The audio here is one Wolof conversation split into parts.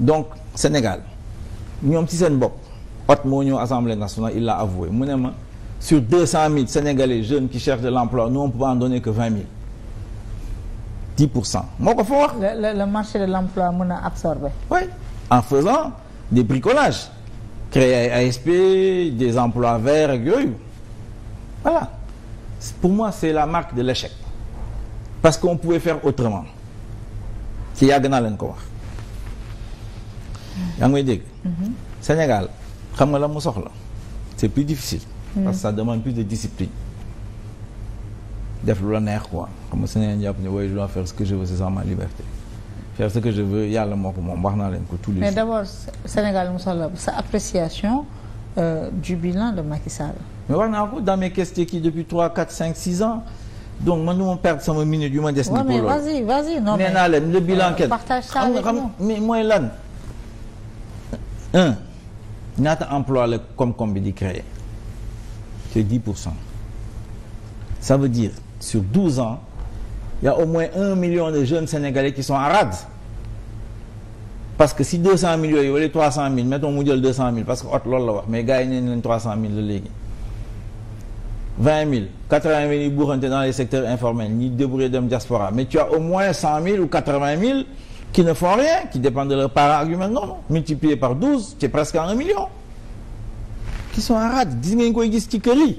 donc Sénégal ñoom ci seen bopp ot moo ñëw assemblée nationale il l'a avoué mu ne ma sur deux cent mille sénégalais jeunes qui cherchent de l'emploi nous on ne peut en donner que vingt mille dix pour cent moo ko fa wax. le le marché de l'emploi mën a absorber. oui en faisant des bricolages créer ay ASP des emplois verts ak yooyu voilà pour moi c'est la marque de l'échec parce qu'on pouvait faire autrement ci yàgg naa leen ko wax. yaa ngi may dégg. Sénégal xam nga la mu soxla c'est plus difficile. Hmm. parce que ça demande plus de discipline. def lu la neex quoi xam nga Sénégal jàpp ne waaye je dois faire ce que je veux c'est ça ma liberté. faire ce que je veux yàlla moo ko moom wax naa leen ko tous les mais d'abord Sénégal mu soxla sa appréciation euh, du bilan de Macky Sall. mais wax naa ko dans mes questions kii depuis 3 4 5 6 ans. donc man duma perdre sama minute yu ma des. ni pour loolu mais vas-y vas-y non mais nee naa leen le bilan euh, kenn. partage ça avec nous xam nga xam mais mooy lan. un ñaata emploi la koom-koom bi di créer c'est dix pour cent ça veut dire sur douze ans y a au moins un million de jeunes sénégalais qui sont en rade parce que si deux cent mille yooyu wala trois cent mille mettons mu jël deux cent mille parce que ot loolu la wax mais gars yi neen leen trois cent mille la léegi vingt mille quatre-vingt mille yi buuxante dans les secteurs informels mais tu as au ou qui ne fon rien, qui dépendent de leurs parents ak yu mel noonu multiplié par douze c'est presque un million qui sont en rade gis ngeen koy gis ci kër yi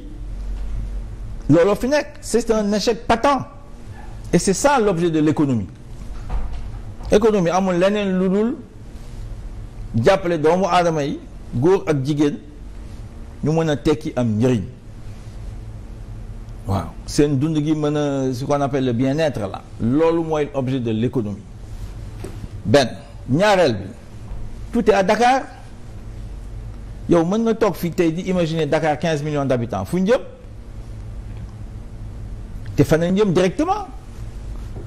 looloo fi nekk c'est un échec patent et c'est ça l'objet de l'économie économie amul leneen lu dul jàppale doomu aadama yi góor ak jigéen ñu mën a tekki am njëriñ waaw seen dund gi mën a ce qu'on le bien-être là loolu mooy objet de l'économie ben ñaareel bi tout est à Dakar yow mën nga toog fii te di imaginer Dakar quinze millions d'habitants fu njëm te fan la njëm directement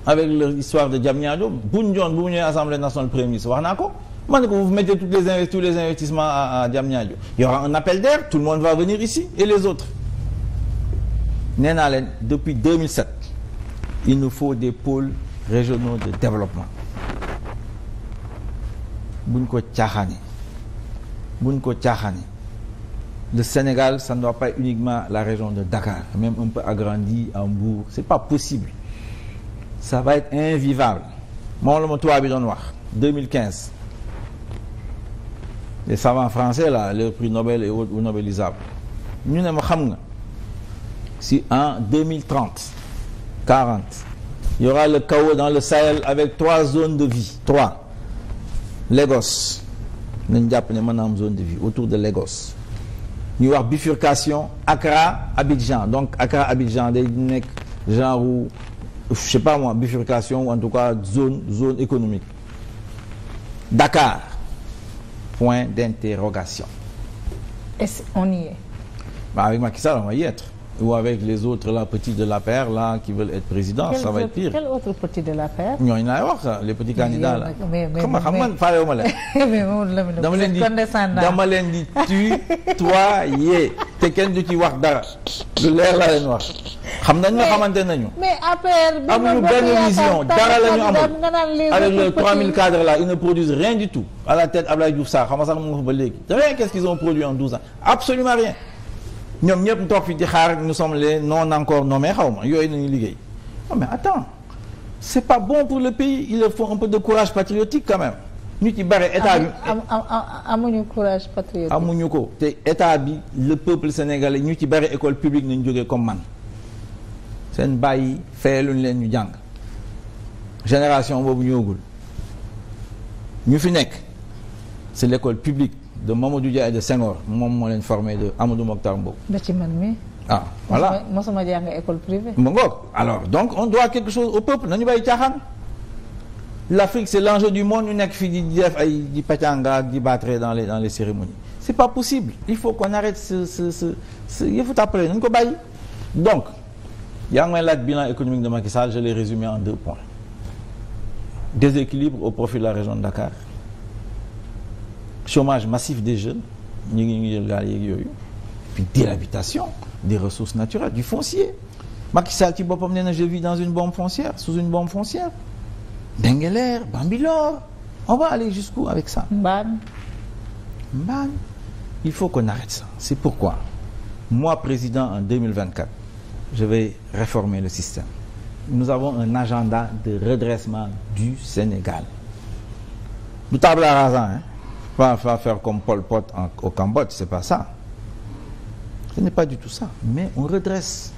avec leur histoire de Diamniadio buñ joon bu mu ñëwee assemblée nationale premier ministre wax naa ko man ko vous mettez toutes les tous les investissements à, à Diamniadio il y aura un appel tout le va venir ici et les autres nee naa leen depuis 2007 il nous faut des pôles régionaux de développement buñ ko caaxaani buñ ko caaxaani le Sénégal sa ne doit pas uniquement la région de Dakar même un peu agrandi à Mbour c'est pas possible ça va être invivable moom la ma tubaab bi doon wax 2015 les savants français la le prix Nobel et autres ou nobélisables ñu ne ma xam nga si en 2030 40 il y aura le chaos dans le Sahel avec trois zones de vie trois Lagos nañ jàpp ne mën na am zone de vie autour de Lagos ñuy wax bifurcation Accra Abidjan donc Accra Abidjan day nekk genre ou je sais pas moi bifurcation ou en zone zone économique Dakar point d'interrogation. Est-ce on y est? Bah avec Macky Sall on ou avec les autres la petits de l'APR là qui veulent être président quel ça va autre, être pire quel autre petit de l'APR ñooñu laay wax les petits candidats là xam nga xam nga faalewu ma leen dama leen di dama leen di tutoyer te kenn du ci wax dara lu leer laa leen wax xam nañ nga xamante nañu mais APR bi amuñu benn vision dara la ñu amul avec les 3000 cadres là ils ne produisent rien du tout à la tête Abdoulaye Diouf Sarr xam nga sax mu nga fa ba léegi rien qu'est-ce qu'ils ont produit en 12 ans ñoom ñëpp ñu toog fi di xaar nous sommes non encore nommés mais ma yooyu na ñu liggéey non oh, mais attends c'est pas bon pour le pays il faut un peu de courage patriotique quand ñu ci bare état bi amuñu courage patriotique amuñu ko te état bi le peuple sénégalais ñu ci bare école publique ñu jógee comme man seen bàyyi fayeluñ leen ñu jàng génération boobu ñëwagul ñu fi nekk c'est l'école publique de Mamadou Dia et de Senghor moom moo leen formé de Amadou Mokhtar Mbow. ba ci man mi. ah voilà mosuma jàng école privée. mu ngoog alors donc on doit quelque chose au peuple nañu bàyyi caaxaan. l'Afrique c'est l'enjeu du monde ñu nekk fii di def ay di pàccanga di battre dans les dans les cérémonies c'est pas possible il faut qu'on arrête ce ce ce ce yëfu tàppale nañu ko bàyyi. donc yaa ngi may laaj bilan économique de Macky Sall je l'ai résumé en deux points déséquilibre au profit de la région de Dakar. chômage massif des jeunes ñu ngi ñu ngi jël gaal yeeg yooyu puis délabitation des ressources naturelles du foncier Macky Sall ci boppam nee na je vis dans une bombe foncière sous une bombe foncière Dengueler Bambilor on va aller jusqu'où avec ça Mbane Mbane il faut qu'on arrête ça c'est pourquoi moi président en 2024 je vais réformer le système nous avons un agenda de redressement du Sénégal du table à rasant hein Pas va faire comme Pol Pot en, au pa c'est pas ça. pas du tout ça, mais on redresse.